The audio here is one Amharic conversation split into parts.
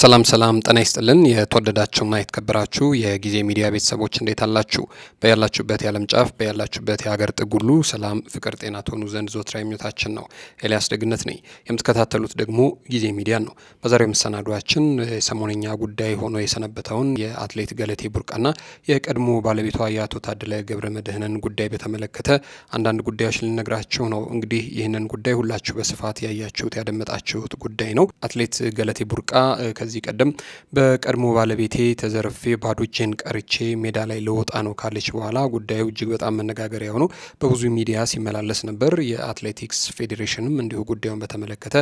ሰላም ሰላም፣ ጤና ይስጥልን የተወደዳችሁና የተከበራችሁ የጊዜ ሚዲያ ቤተሰቦች እንዴት አላችሁ? በያላችሁበት የዓለም ጫፍ በያላችሁበት የሀገር ጥግ ሁሉ ሰላም፣ ፍቅር፣ ጤና ትሆኑ ዘንድ ዞትራ ምኞታችን ነው። ኤልያስ ደግነት ነኝ። የምትከታተሉት ደግሞ ጊዜ ሚዲያን ነው። በዛሬው መሰናዷችን ሰሞነኛ ጉዳይ ሆኖ የሰነበተውን የአትሌት ገለቴ ቡርቃና የቀድሞ ባለቤቷ የአቶ ታደለ ገብረ መድህንን ጉዳይ በተመለከተ አንዳንድ ጉዳዮች ልነግራችሁ ነው። እንግዲህ ይህንን ጉዳይ ሁላችሁ በስፋት ያያችሁት ያደመጣችሁት ጉዳይ ነው። አትሌት ገለቴ ቡርቃ ከዚህ ቀደም በቀድሞ ባለቤቴ ተዘርፌ ባዶ ቀርቼ ሜዳ ላይ ለወጣ ነው ካለች በኋላ ጉዳዩ እጅግ በጣም መነጋገሪያ ሆኖ በብዙ ሚዲያ ሲመላለስ ነበር። የአትሌቲክስ ፌዴሬሽንም እንዲሁ ጉዳዩን በተመለከተ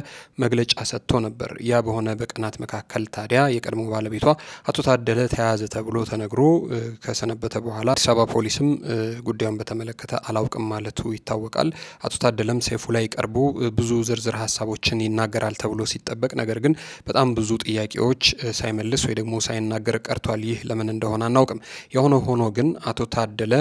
መግለጫ ሰጥቶ ነበር። ያ በሆነ በቀናት መካከል ታዲያ የቀድሞ ባለቤቷ አቶ ታደለ ተያዘ ተብሎ ተነግሮ ከሰነበተ በኋላ አዲስ አበባ ፖሊስም ጉዳዩን በተመለከተ አላውቅም ማለቱ ይታወቃል። አቶ ታደለም ሰይፉ ላይ ቀርቦ ብዙ ዝርዝር ሀሳቦችን ይናገራል ተብሎ ሲጠበቅ ነገር ግን በጣም ብዙ ጥያቄ ጥያቄዎች ሳይመልስ ወይ ደግሞ ሳይናገር ቀርቷል። ይህ ለምን እንደሆነ አናውቅም። የሆነ ሆኖ ግን አቶ ታደለ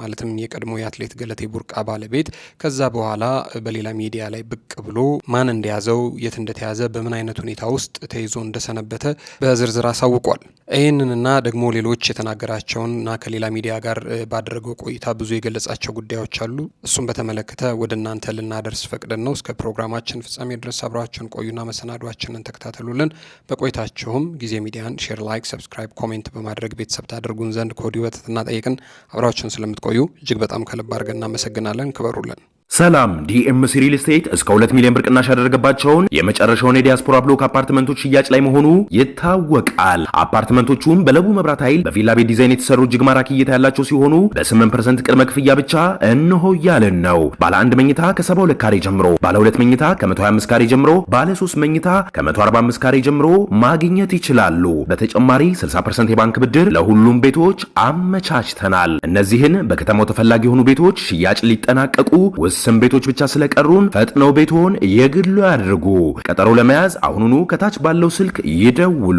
ማለትም የቀድሞ የአትሌት ገለቴ ቡርቃ ባለቤት ከዛ በኋላ በሌላ ሚዲያ ላይ ብቅ ብሎ ማን እንደያዘው፣ የት እንደተያዘ፣ በምን አይነት ሁኔታ ውስጥ ተይዞ እንደሰነበተ በዝርዝር አሳውቋል። ይህንንና ደግሞ ሌሎች የተናገራቸውንና ከሌላ ሚዲያ ጋር ባደረገው ቆይታ ብዙ የገለጻቸው ጉዳዮች አሉ። እሱም በተመለከተ ወደ እናንተ ልናደርስ ፈቅደን ነው። እስከ ፕሮግራማችን ፍጻሜ ድረስ አብራችሁን ቆዩና መሰናዷችንን ተከታተሉልን። በቆይታችሁም ጊዜ ሚዲያን ሼር፣ ላይክ፣ ሰብስክራይብ፣ ኮሜንት በማድረግ ቤተሰብ ታደርጉን ዘንድ ከወዲሁ በትህትና ጠይቅን። አብራችሁን ስለምትቆዩ እጅግ በጣም ከልብ አድርገን እናመሰግናለን። ክበሩልን። ሰላም ዲኤምሲ ሪል ስቴት እስከ 2 ሚሊዮን ብር ቅናሽ ያደረገባቸውን የመጨረሻውን የዲያስፖራ ብሎክ አፓርትመንቶች ሽያጭ ላይ መሆኑ ይታወቃል። አፓርትመንቶቹም በለቡ መብራት ኃይል በቪላ ቤት ዲዛይን የተሰሩ እጅግ ማራኪ እይታ ያላቸው ሲሆኑ በ8% ቅድመ ክፍያ ብቻ እንሆ ያለን ነው። ባለ አንድ መኝታ ከ72 ካሬ ጀምሮ፣ ባለ ሁለት መኝታ ከ125 ካሬ ጀምሮ፣ ባለ 3 መኝታ ከ145 ካሬ ጀምሮ ማግኘት ይችላሉ። በተጨማሪ 60% የባንክ ብድር ለሁሉም ቤቶች አመቻችተናል። እነዚህን በከተማው ተፈላጊ የሆኑ ቤቶች ሽያጭ ሊጠናቀቁ ውስን ቤቶች ብቻ ስለቀሩን ፈጥነው ቤትዎን የግሉ ያድርጉ። ቀጠሮ ለመያዝ አሁኑኑ ከታች ባለው ስልክ ይደውሉ።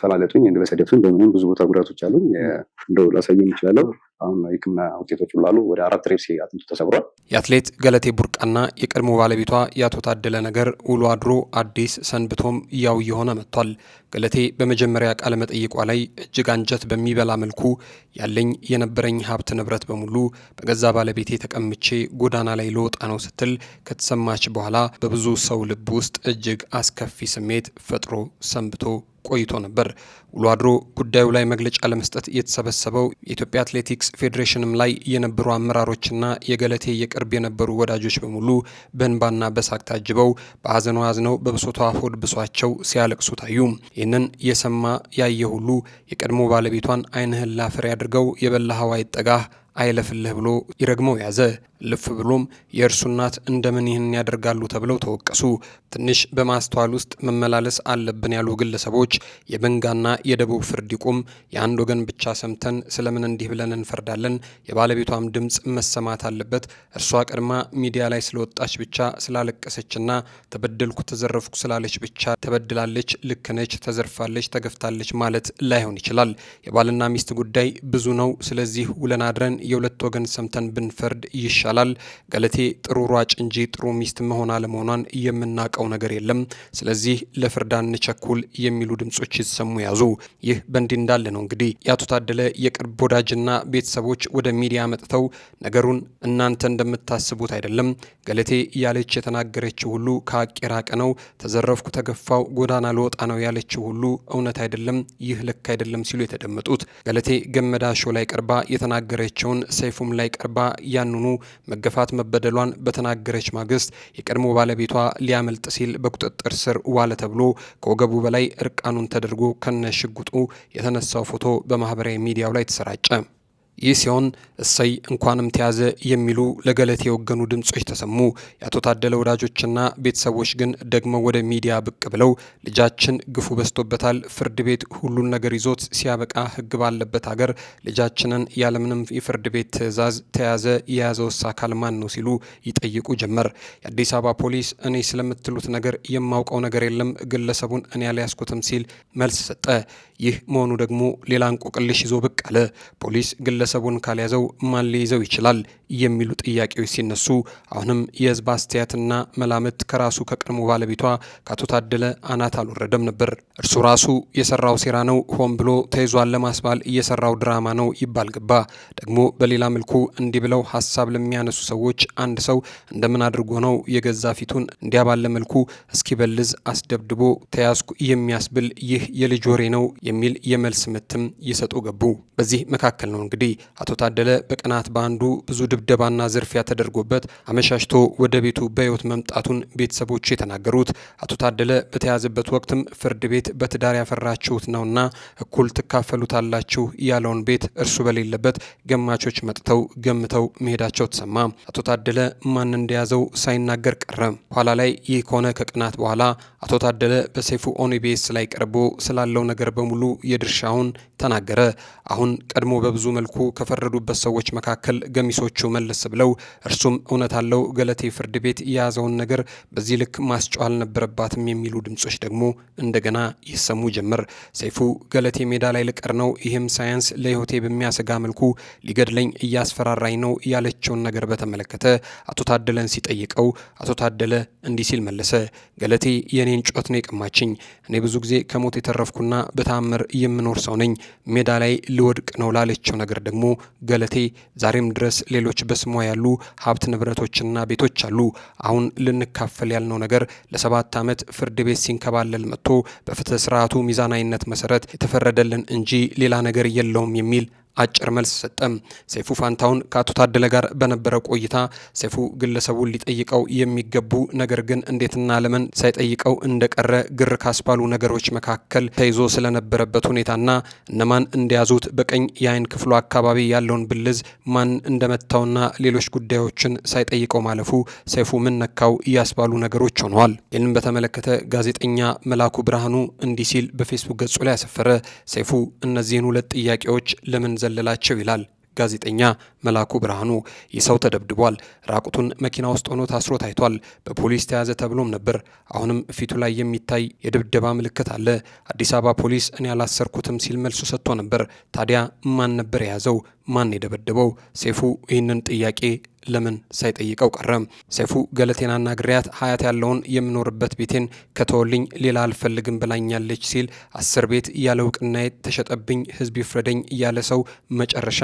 ተላለጡኝ እንደ በሰደፍን በምንም ብዙ ቦታ ጉዳቶች አሉኝ። እንደው ላሳየ የሚችላለው አሁን የሕክምና ውጤቶች ላሉ ወደ አራት ሬብሴ አጥንቱ ተሰብሯል። የአትሌት ገለቴ ቡርቃና የቀድሞ ባለቤቷ የአቶ ታደለ ነገር ውሎ አድሮ አዲስ ሰንብቶም ያው እየሆነ መጥቷል። ገለቴ በመጀመሪያ ቃለ መጠይቋ ላይ እጅግ አንጀት በሚበላ መልኩ ያለኝ የነበረኝ ሀብት ንብረት በሙሉ በገዛ ባለቤቴ ተቀምቼ ጎዳና ላይ ለወጣ ነው ስትል ከተሰማች በኋላ በብዙ ሰው ልብ ውስጥ እጅግ አስከፊ ስሜት ፈጥሮ ሰንብቶ ቆይቶ ነበር። ውሎ አድሮ ጉዳዩ ላይ መግለጫ ለመስጠት የተሰበሰበው የኢትዮጵያ አትሌቲክስ ፌዴሬሽንም ላይ የነበሩ አመራሮችና የገለቴ የቅርብ የነበሩ ወዳጆች በሙሉ በእንባና በሳቅ ታጅበው በሀዘኑ አዝነው በብሶቷ ሆድ ብሷቸው ሲያለቅሱ ታዩ። ይህንን የሰማ ያየ ሁሉ የቀድሞ ባለቤቷን ዓይንህን አድርገው ያድርገው ሀዋይ ጠጋህ አይለፍልህ ብሎ ይረግመው ያዘ። ልፍ ብሎም የእርሱ እናት እንደምን ይህን ያደርጋሉ ተብለው ተወቀሱ። ትንሽ በማስተዋል ውስጥ መመላለስ አለብን ያሉ ግለሰቦች የበንጋና የደቡብ ፍርድ ይቁም፣ የአንድ ወገን ብቻ ሰምተን ስለምን እንዲህ ብለን እንፈርዳለን? የባለቤቷም ድምፅ መሰማት አለበት። እርሷ ቀድማ ሚዲያ ላይ ስለወጣች ብቻ ስላለቀሰችና ተበደልኩ ተዘረፍኩ ስላለች ብቻ ተበድላለች፣ ልክነች፣ ተዘርፋለች፣ ተገፍታለች ማለት ላይሆን ይችላል። የባልና ሚስት ጉዳይ ብዙ ነው። ስለዚህ ውለን አድረን የሁለት ወገን ሰምተን ብንፈርድ ይሻል። ይባላል። ገለቴ ጥሩ ሯጭ እንጂ ጥሩ ሚስት መሆን አለመሆኗን የምናውቀው ነገር የለም። ስለዚህ ለፍርድ አንቸኩል የሚሉ ድምጾች ይሰሙ ያዙ። ይህ በእንዲህ እንዳለ ነው እንግዲህ የአቶ ታደለ የቅርብ ወዳጅና ቤተሰቦች ወደ ሚዲያ መጥተው ነገሩን እናንተ እንደምታስቡት አይደለም፣ ገለቴ ያለች የተናገረችው ሁሉ ከሀቅ የራቀ ነው፣ ተዘረፍኩ፣ ተገፋው፣ ጎዳና ልወጣ ነው ያለችው ሁሉ እውነት አይደለም፣ ይህ ልክ አይደለም ሲሉ የተደመጡት ገለቴ ገመዳ ሾ ላይ ቀርባ የተናገረችውን ሰይፉም ላይ ቀርባ ያንኑ መገፋት መበደሏን በተናገረች ማግስት የቀድሞ ባለቤቷ ሊያመልጥ ሲል በቁጥጥር ስር ዋለ ተብሎ ከወገቡ በላይ እርቃኑን ተደርጎ ከነሽጉጡ የተነሳው ፎቶ በማህበራዊ ሚዲያው ላይ ተሰራጨ። ይህ ሲሆን እሰይ እንኳንም ተያዘ የሚሉ ለገለቴ የወገኑ ድምጾች ተሰሙ። የአቶ ታደለ ወዳጆችና ቤተሰቦች ግን ደግሞ ወደ ሚዲያ ብቅ ብለው ልጃችን ግፉ በዝቶበታል፣ ፍርድ ቤት ሁሉን ነገር ይዞት ሲያበቃ ህግ ባለበት ሀገር ልጃችንን ያለምንም የፍርድ ቤት ትዕዛዝ ተያዘ፣ የያዘውስ አካል ማን ነው ሲሉ ይጠይቁ ጀመር። የአዲስ አበባ ፖሊስ እኔ ስለምትሉት ነገር የማውቀው ነገር የለም፣ ግለሰቡን እኔ አልያዝኩትም ሲል መልስ ሰጠ። ይህ መሆኑ ደግሞ ሌላ እንቆቅልሽ ይዞ ብቅ አለ። ፖሊስ ግለ ግለሰቡን ካልያዘው ማን ሊይዘው ይችላል የሚሉ ጥያቄዎች ሲነሱ አሁንም የህዝብ አስተያየትና መላምት ከራሱ ከቀድሞ ባለቤቷ ከአቶ ታደለ አናት አልወረደም ነበር። እርሱ ራሱ የሰራው ሴራ ነው፣ ሆን ብሎ ተይዟን ለማስባል እየሰራው ድራማ ነው ይባል ገባ። ደግሞ በሌላ መልኩ እንዲህ ብለው ሀሳብ ለሚያነሱ ሰዎች አንድ ሰው እንደምን አድርጎ ነው የገዛ ፊቱን እንዲያባለ መልኩ እስኪበልዝ አስደብድቦ ተያዝኩ የሚያስብል ይህ የልጅ ወሬ ነው የሚል የመልስ ምትም ይሰጡ ገቡ። በዚህ መካከል ነው እንግዲህ አቶ ታደለ በቀናት በአንዱ ብዙ ድብደባና ዝርፊያ ተደርጎበት አመሻሽቶ ወደ ቤቱ በሕይወት መምጣቱን ቤተሰቦች የተናገሩት አቶ ታደለ በተያዘበት ወቅትም ፍርድ ቤት በትዳር ያፈራችሁት ነውና እኩል ትካፈሉታላችሁ ያለውን ቤት እርሱ በሌለበት ገማቾች መጥተው ገምተው መሄዳቸው ተሰማ። አቶ ታደለ ማን እንደያዘው ሳይናገር ቀረ። ኋላ ላይ ይህ ከሆነ ከቀናት በኋላ አቶ ታደለ በሰይፉ ኦኒቤስ ላይ ቀርቦ ስላለው ነገር በሙሉ የድርሻውን ተናገረ። አሁን ቀድሞ በብዙ መልኩ ከፈረዱበት ሰዎች መካከል ገሚሶቹ መለስ ብለው እርሱም እውነት አለው ገለቴ ፍርድ ቤት የያዘውን ነገር በዚህ ልክ ማስጨው አልነበረባትም የሚሉ ድምጾች ደግሞ እንደገና ይሰሙ ጀመር። ሰይፉ ገለቴ ሜዳ ላይ ልቀር ነው፣ ይህም ሳያንስ ለሕይወቴ በሚያሰጋ መልኩ ሊገድለኝ እያስፈራራኝ ነው ያለችውን ነገር በተመለከተ አቶ ታደለን ሲጠይቀው አቶ ታደለ እንዲህ ሲል መለሰ። ገለቴ የእኔን ጩኸት ነው የቀማችኝ። እኔ ብዙ ጊዜ ከሞት የተረፍኩና በተአምር የምኖር ሰው ነኝ። ሜዳ ላይ ልወድቅ ነው ላለችው ነገር ደግሞ ደግሞ ገለቴ ዛሬም ድረስ ሌሎች በስሟ ያሉ ሀብት ንብረቶችና ቤቶች አሉ። አሁን ልንካፈል ያልነው ነገር ለሰባት ዓመት ፍርድ ቤት ሲንከባለል መጥቶ በፍትህ ስርዓቱ ሚዛናዊነት መሰረት የተፈረደልን እንጂ ሌላ ነገር የለውም የሚል አጭር መልስ ሰጠም። ሰይፉ ፋንታውን ከአቶ ታደለ ጋር በነበረው ቆይታ ሰይፉ ግለሰቡን ሊጠይቀው የሚገቡ ነገር ግን እንዴትና ለምን ሳይጠይቀው እንደቀረ ግር ካስባሉ ነገሮች መካከል ተይዞ ስለነበረበት ሁኔታና እነማን እንደያዙት በቀኝ የአይን ክፍሉ አካባቢ ያለውን ብልዝ ማን እንደመታውና ሌሎች ጉዳዮችን ሳይጠይቀው ማለፉ ሰይፉ ምን ነካው እያስባሉ ነገሮች ሆነዋል። ይህንም በተመለከተ ጋዜጠኛ መላኩ ብርሃኑ እንዲህ ሲል በፌስቡክ ገጹ ላይ ያሰፈረ ሰይፉ እነዚህን ሁለት ጥያቄዎች ለምን ዘለላቸው ይላል ጋዜጠኛ መላኩ ብርሃኑ ይህ ሰው ተደብድቧል። ራቁቱን መኪና ውስጥ ሆኖ ታስሮ ታይቷል። በፖሊስ ተያዘ ተብሎም ነበር። አሁንም ፊቱ ላይ የሚታይ የድብደባ ምልክት አለ። አዲስ አበባ ፖሊስ እኔ ያላሰርኩትም ሲል መልሱ ሰጥቶ ነበር። ታዲያ ማን ነበር የያዘው? ማን የደበደበው? ሴፉ ይህንን ጥያቄ ለምን ሳይጠይቀው ቀረም። ሰይፉ ገለቴና ናግሪያት ሀያት ያለውን የምኖርበት ቤቴን ከተወልኝ ሌላ አልፈልግም ብላኛለች ሲል አስር ቤት ያለ እውቅናዬ ተሸጠብኝ፣ ህዝብ ይፍረደኝ እያለ ሰው መጨረሻ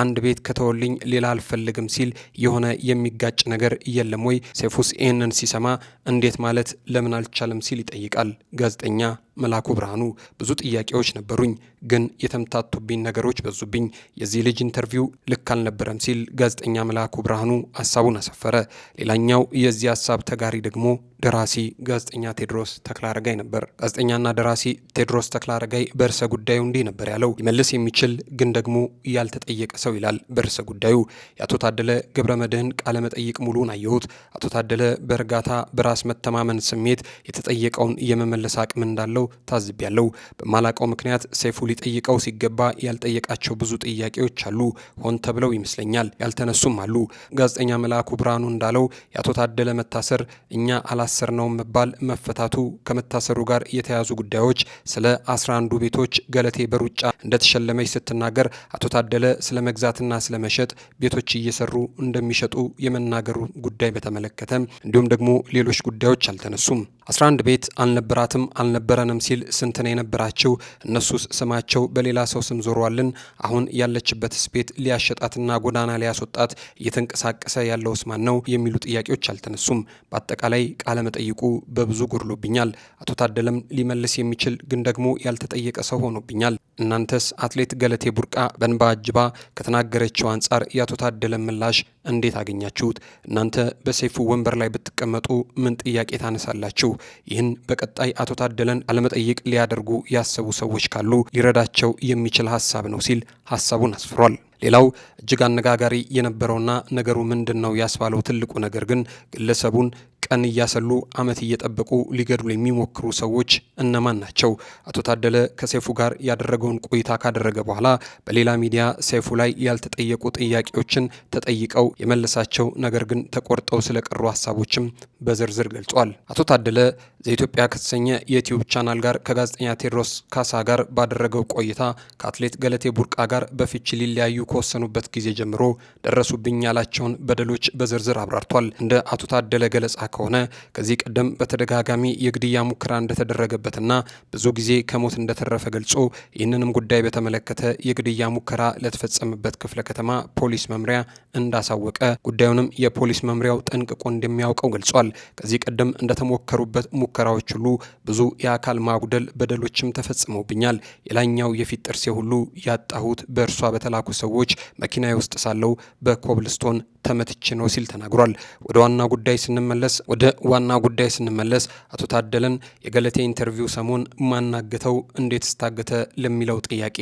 አንድ ቤት ከተወልኝ ሌላ አልፈልግም ሲል የሆነ የሚጋጭ ነገር የለም ወይ? ሰይፉስ ይህንን ሲሰማ እንዴት ማለት ለምን አልቻለም ሲል ይጠይቃል ጋዜጠኛ መላኩ ብርሃኑ ብዙ ጥያቄዎች ነበሩኝ፣ ግን የተምታቱብኝ ነገሮች በዙብኝ። የዚህ ልጅ ኢንተርቪው ልክ አልነበረም ሲል ጋዜጠኛ መላኩ ብርሃኑ ሀሳቡን አሰፈረ። ሌላኛው የዚህ ሀሳብ ተጋሪ ደግሞ ደራሲ ጋዜጠኛ ቴድሮስ ተክለአረጋይ ነበር። ጋዜጠኛና ደራሲ ቴድሮስ ተክለአረጋይ በርዕሰ ጉዳዩ እንዲህ ነበር ያለው። ሊመልስ የሚችል ግን ደግሞ ያልተጠየቀ ሰው ይላል በርዕሰ ጉዳዩ። የአቶ ታደለ ገብረ መድህን ቃለ መጠይቅ ሙሉን አየሁት። አቶ ታደለ በእርጋታ በራስ መተማመን ስሜት የተጠየቀውን የመመለስ አቅም እንዳለው ታዝቤያለሁ። በማላቀው ምክንያት ሰይፉ ሊጠይቀው ሲገባ ያልጠየቃቸው ብዙ ጥያቄዎች አሉ። ሆን ተብለው ይመስለኛል ያልተነሱም አሉ። ጋዜጠኛ መልአኩ ብርሃኑ እንዳለው የአቶ ታደለ መታሰር እኛ አላ የሚያስር ነው መባል መፈታቱ ከመታሰሩ ጋር የተያዙ ጉዳዮች ስለ አስራ አንዱ ቤቶች ገለቴ በሩጫ እንደተሸለመች ስትናገር አቶ ታደለ ስለ መግዛትና ስለ መሸጥ ቤቶች እየሰሩ እንደሚሸጡ የመናገሩ ጉዳይ በተመለከተ እንዲሁም ደግሞ ሌሎች ጉዳዮች አልተነሱም። አስራ አንድ ቤት አልነበራትም አልነበረንም ሲል ስንት ነው የነበራቸው? እነሱስ ስማቸው በሌላ ሰው ስም ዞሯልን? አሁን ያለችበትስ ቤት ሊያሸጣትና ጎዳና ሊያስወጣት እየተንቀሳቀሰ ያለውስ ማን ነው? የሚሉ ጥያቄዎች አልተነሱም። በአጠቃላይ ቃለ ቃለመጠይቁ በብዙ ጎድሎብኛል። አቶ ታደለም ሊመልስ የሚችል ግን ደግሞ ያልተጠየቀ ሰው ሆኖብኛል። እናንተስ አትሌት ገለቴ ቡርቃ በንባ አጅባ ከተናገረችው አንጻር የአቶ ታደለም ምላሽ እንዴት አገኛችሁት? እናንተ በሰይፉ ወንበር ላይ ብትቀመጡ ምን ጥያቄ ታነሳላችሁ? ይህን በቀጣይ አቶ ታደለን አለመጠይቅ ሊያደርጉ ያሰቡ ሰዎች ካሉ ሊረዳቸው የሚችል ሀሳብ ነው ሲል ሀሳቡን አስፍሯል። ሌላው እጅግ አነጋጋሪ የነበረውና ነገሩ ምንድን ነው ያስባለው ትልቁ ነገር ግን ግለሰቡን ቀን እያሰሉ ዓመት እየጠበቁ ሊገድሉ የሚሞክሩ ሰዎች እነማን ናቸው? አቶ ታደለ ከሰይፉ ጋር ያደረገውን ቆይታ ካደረገ በኋላ በሌላ ሚዲያ ሰይፉ ላይ ያልተጠየቁ ጥያቄዎችን ተጠይቀው የመለሳቸው ነገር ግን ተቆርጠው ስለቀሩ ሀሳቦችም በዝርዝር ገልጿል። አቶ ታደለ ዘኢትዮጵያ ከተሰኘ የዩቲዩብ ቻናል ጋር ከጋዜጠኛ ቴድሮስ ካሳ ጋር ባደረገው ቆይታ ከአትሌት ገለቴ ቡርቃ ጋር በፍቺ ሊለያዩ ከወሰኑበት ጊዜ ጀምሮ ደረሱብኝ ያላቸውን በደሎች በዝርዝር አብራርቷል። እንደ አቶ ታደለ ገለጻ ከሆነ ከዚህ ቀደም በተደጋጋሚ የግድያ ሙከራ እንደተደረገበትና ብዙ ጊዜ ከሞት እንደተረፈ ገልጾ ይህንንም ጉዳይ በተመለከተ የግድያ ሙከራ ለተፈጸመበት ክፍለ ከተማ ፖሊስ መምሪያ እንዳሳወቀ ጉዳዩንም የፖሊስ መምሪያው ጠንቅቆ እንደሚያውቀው ገልጿል። ከዚህ ቀደም እንደተሞከሩበት ሙከራዎች ሁሉ ብዙ የአካል ማጉደል በደሎችም ተፈጽመውብኛል። የላይኛው የፊት ጥርሴ ሁሉ ያጣሁት በእርሷ በተላኩ ሰዎች መኪና ውስጥ ሳለው በኮብልስቶን ተመትቼ ነው ሲል ተናግሯል። ወደ ዋና ጉዳይ ስንመለስ ወደ ዋና ጉዳይ ስንመለስ አቶ ታደለን የገለቴ ኢንተርቪው ሰሞን ማናገተው እንዴት ስታገተ ለሚለው ጥያቄ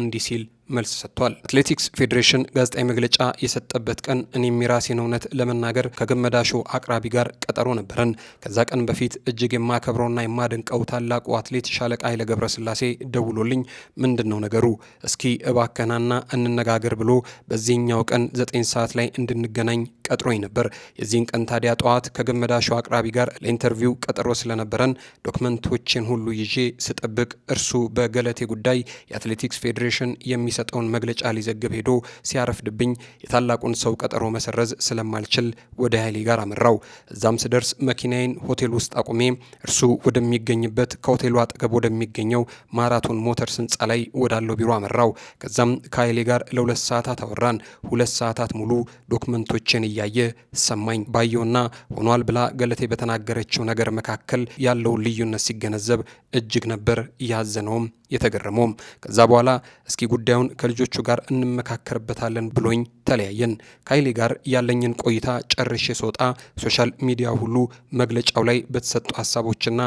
እንዲህ ሲል መልስ ሰጥቷል። አትሌቲክስ ፌዴሬሽን ጋዜጣዊ መግለጫ የሰጠበት ቀን እኔም የራሴን እውነት ለመናገር ከገመዳሾ አቅራቢ ጋር ቀጠሮ ነበረን። ከዛ ቀን በፊት እጅግ የማከብረውና የማደንቀው ታላቁ አትሌት ሻለቃ ኃይለ ገብረስላሴ ደውሎልኝ ምንድን ነው ነገሩ እስኪ እባከናና እንነጋገር ብሎ በዚህኛው ቀን ዘጠኝ ሰዓት ላይ እንድንገናኝ ቀጥሮኝ ነበር። የዚህን ቀን ታዲያ ጠዋት ከገመዳሾ አቅራቢ ጋር ለኢንተርቪው ቀጠሮ ስለነበረን ዶክመንቶችን ሁሉ ይዤ ስጠብቅ እርሱ በገለቴ ጉዳይ የአትሌቲክስ ፌዴሬሽን የሚሰ የሚሰጠውን መግለጫ ሊዘግብ ሄዶ ሲያረፍድብኝ የታላቁን ሰው ቀጠሮ መሰረዝ ስለማልችል ወደ ኃይሌ ጋር አመራው። እዛም ስደርስ መኪናዬን ሆቴል ውስጥ አቁሜ እርሱ ወደሚገኝበት ከሆቴሉ አጠገብ ወደሚገኘው ማራቶን ሞተርስ ህንፃ ላይ ወዳለው ቢሮ አመራው። ከዛም ከኃይሌ ጋር ለሁለት ሰዓታት አወራን። ሁለት ሰዓታት ሙሉ ዶክመንቶችን እያየ ሰማኝ። ባየውና ሆኗል ብላ ገለቴ በተናገረችው ነገር መካከል ያለውን ልዩነት ሲገነዘብ እጅግ ነበር ያዘነውም የተገረመውም። ከዛ በኋላ እስኪ ጉዳዩን ጉዳዩን ከልጆቹ ጋር እንመካከርበታለን ብሎኝ ተለያየን። ከኃይሌ ጋር ያለኝን ቆይታ ጨርሼ ስወጣ ሶሻል ሚዲያ ሁሉ መግለጫው ላይ በተሰጡ ሀሳቦችና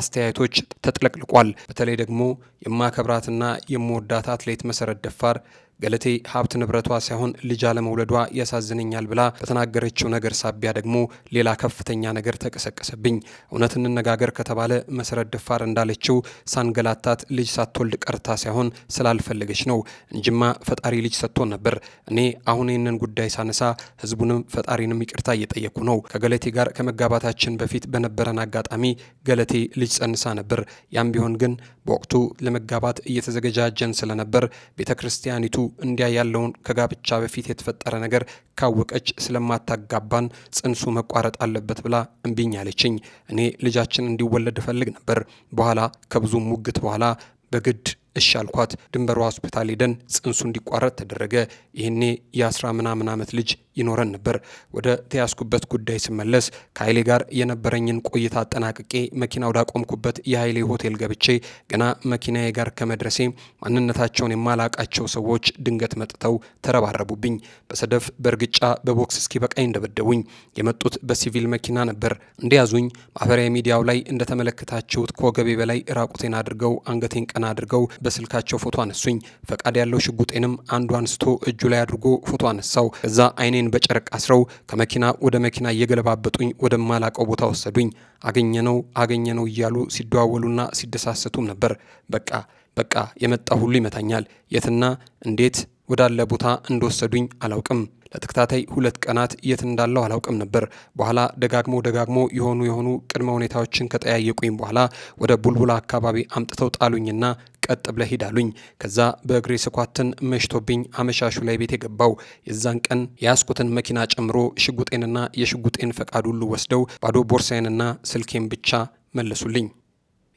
አስተያየቶች ተጥለቅልቋል። በተለይ ደግሞ የማከብራትና የምወዳት አትሌት መሰረት ደፋር ገለቴ ሀብት ንብረቷ ሳይሆን ልጅ አለመውለዷ ያሳዝነኛል ብላ በተናገረችው ነገር ሳቢያ ደግሞ ሌላ ከፍተኛ ነገር ተቀሰቀሰብኝ። እውነት እንነጋገር ከተባለ መሰረት ደፋር እንዳለችው ሳንገላታት ልጅ ሳትወልድ ቀርታ ሳይሆን ስላልፈለገች ነው እንጅማ ፈጣሪ ልጅ ሰጥቶን ነበር። እኔ አሁን ይህንን ጉዳይ ሳነሳ ህዝቡንም ፈጣሪንም ይቅርታ እየጠየኩ ነው። ከገለቴ ጋር ከመጋባታችን በፊት በነበረን አጋጣሚ ገለቴ ልጅ ጸንሳ ነበር። ያም ቢሆን ግን በወቅቱ ለመጋባት እየተዘገጃጀን ስለነበር ቤተ ክርስቲያኒቱ እንዲያ ያለውን ከጋብቻ በፊት የተፈጠረ ነገር ካወቀች ስለማታጋባን ጽንሱ መቋረጥ አለበት ብላ እምቢኝ አለችኝ። እኔ ልጃችን እንዲወለድ እፈልግ ነበር። በኋላ ከብዙ ሙግት በኋላ በግድ እሻልኳት አልኳት። ድንበሯ ሆስፒታል ሄደን ጽንሱ እንዲቋረጥ ተደረገ። ይህኔ የአስራ ምናምን ዓመት ልጅ ይኖረን ነበር። ወደ ተያዝኩበት ጉዳይ ስመለስ ከኃይሌ ጋር የነበረኝን ቆይታ አጠናቅቄ መኪና ወዳቆምኩበት የኃይሌ ሆቴል ገብቼ ገና መኪናዬ ጋር ከመድረሴ ማንነታቸውን የማላቃቸው ሰዎች ድንገት መጥተው ተረባረቡብኝ። በሰደፍ በእርግጫ በቦክስ እስኪ በቃኝ እንደበደቡኝ። የመጡት በሲቪል መኪና ነበር። እንደያዙኝ ማህበራዊ ሚዲያው ላይ እንደተመለከታችሁት ከወገቤ በላይ ራቁቴን አድርገው አንገቴን ቀና አድርገው በስልካቸው ፎቶ አነሱኝ። ፈቃድ ያለው ሽጉጤንም አንዱ አንስቶ እጁ ላይ አድርጎ ፎቶ አነሳው። እዛ አይኔን በጨርቅ አስረው ከመኪና ወደ መኪና እየገለባበጡኝ ወደማላቀው ቦታ ወሰዱኝ። አገኘነው አገኘነው እያሉ ሲደዋወሉና ሲደሳሰቱም ነበር። በቃ በቃ የመጣ ሁሉ ይመታኛል። የትና እንዴት ወዳለ ቦታ እንደወሰዱኝ አላውቅም። ለተከታታይ ሁለት ቀናት የት እንዳለው አላውቅም ነበር። በኋላ ደጋግሞ ደጋግሞ የሆኑ የሆኑ ቅድመ ሁኔታዎችን ከጠያየቁኝ በኋላ ወደ ቡልቡላ አካባቢ አምጥተው ጣሉኝና ቀጥ ብለ ሄዳሉኝ። ከዛ በእግሬ ስኳትን መሽቶብኝ አመሻሹ ላይ ቤት የገባው የዛን ቀን የያስኩትን መኪና ጨምሮ ሽጉጤንና የሽጉጤን ፈቃድ ሁሉ ወስደው ባዶ ቦርሳዬንና ስልኬን ብቻ መለሱልኝ።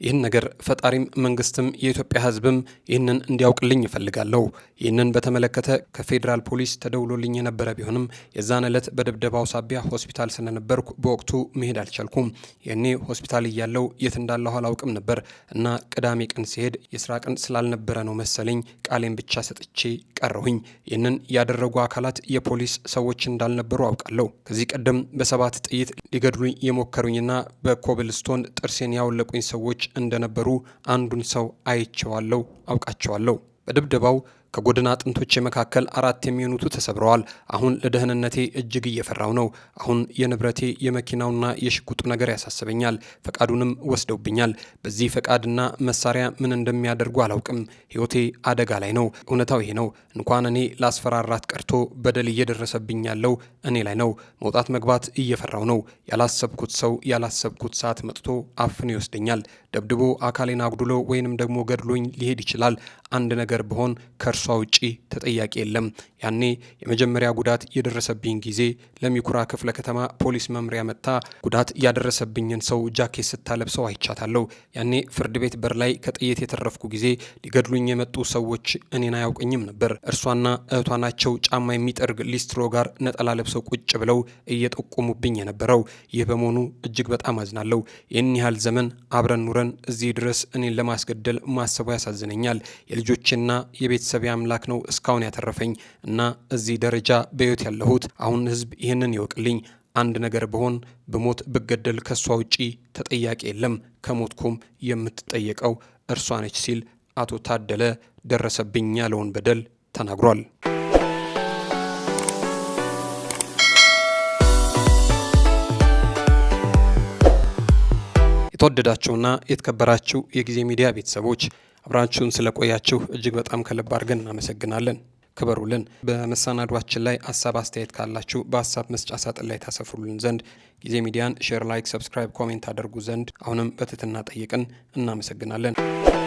ይህን ነገር ፈጣሪም መንግስትም የኢትዮጵያ ህዝብም ይህንን እንዲያውቅልኝ ይፈልጋለሁ። ይህንን በተመለከተ ከፌዴራል ፖሊስ ተደውሎልኝ የነበረ ቢሆንም የዛን ዕለት በደብደባው ሳቢያ ሆስፒታል ስለነበርኩ በወቅቱ መሄድ አልቻልኩም። ይህኔ ሆስፒታል እያለው የት እንዳለሁ አላውቅም ነበር እና ቅዳሜ ቀን ሲሄድ የስራ ቀን ስላልነበረ ነው መሰለኝ ቃሌን ብቻ ሰጥቼ ቀረሁኝ። ይህንን ያደረጉ አካላት የፖሊስ ሰዎች እንዳልነበሩ አውቃለሁ። ከዚህ ቀደም በሰባት ጥይት ሊገድሉኝ የሞከሩኝና በኮብልስቶን ጥርሴን ያወለቁኝ ሰዎች እንደነበሩ አንዱን ሰው አይቸዋለሁ፣ አውቃቸዋለሁ። በድብደባው ከጎድን አጥንቶቼ መካከል አራት የሚሆኑቱ ተሰብረዋል። አሁን ለደህንነቴ እጅግ እየፈራው ነው። አሁን የንብረቴ የመኪናውና የሽጉጡ ነገር ያሳስበኛል። ፈቃዱንም ወስደውብኛል። በዚህ ፈቃድና መሳሪያ ምን እንደሚያደርጉ አላውቅም። ሕይወቴ አደጋ ላይ ነው። እውነታው ይሄ ነው። እንኳን እኔ ላስፈራራት ቀርቶ በደል እየደረሰብኝ ያለው እኔ ላይ ነው። መውጣት መግባት እየፈራው ነው። ያላሰብኩት ሰው ያላሰብኩት ሰዓት መጥቶ አፍኖ ይወስደኛል። ደብድቦ አካሌን አጉድሎ ወይንም ደግሞ ገድሎኝ ሊሄድ ይችላል። አንድ ነገር ብሆን ከእርሱ ከእሷ ውጪ ተጠያቂ የለም። ያኔ የመጀመሪያ ጉዳት የደረሰብኝ ጊዜ ለሚኩራ ክፍለ ከተማ ፖሊስ መምሪያ መጥታ ጉዳት ያደረሰብኝን ሰው ጃኬት ስታለብሰው አይቻታለሁ። ያኔ ፍርድ ቤት በር ላይ ከጥይት የተረፍኩ ጊዜ ሊገድሉኝ የመጡ ሰዎች እኔን አያውቅኝም ነበር። እርሷና እህቷ ናቸው ጫማ የሚጠርግ ሊስትሮ ጋር ነጠላ ለብሰው ቁጭ ብለው እየጠቆሙብኝ የነበረው። ይህ በመሆኑ እጅግ በጣም አዝናለሁ። ይህን ያህል ዘመን አብረን ኑረን እዚህ ድረስ እኔን ለማስገደል ማሰቡ ያሳዝነኛል። የልጆችና የቤተሰቢያ አምላክ ነው እስካሁን ያተረፈኝ እና እዚህ ደረጃ በሕይወት ያለሁት። አሁን ህዝብ ይህንን ይወቅልኝ። አንድ ነገር ብሆን ብሞት ብገደል ከእሷ ውጪ ተጠያቂ የለም። ከሞትኩም የምትጠየቀው እርሷ ነች ሲል አቶ ታደለ ደረሰብኝ ያለውን በደል ተናግሯል። የተወደዳችሁና የተከበራችሁ የጊዜ ሚዲያ ቤተሰቦች አብራችሁን ስለቆያችሁ እጅግ በጣም ከልብ አድርገን እናመሰግናለን። ክበሩልን። በመሰናዷችን ላይ ሀሳብ አስተያየት ካላችሁ በሀሳብ መስጫ ሳጥን ላይ ታሰፍሩልን ዘንድ ጊዜ ሚዲያን ሼር፣ ላይክ፣ ሰብስክራይብ፣ ኮሜንት አድርጉ ዘንድ አሁንም በትህትና ጠይቅን እናመሰግናለን።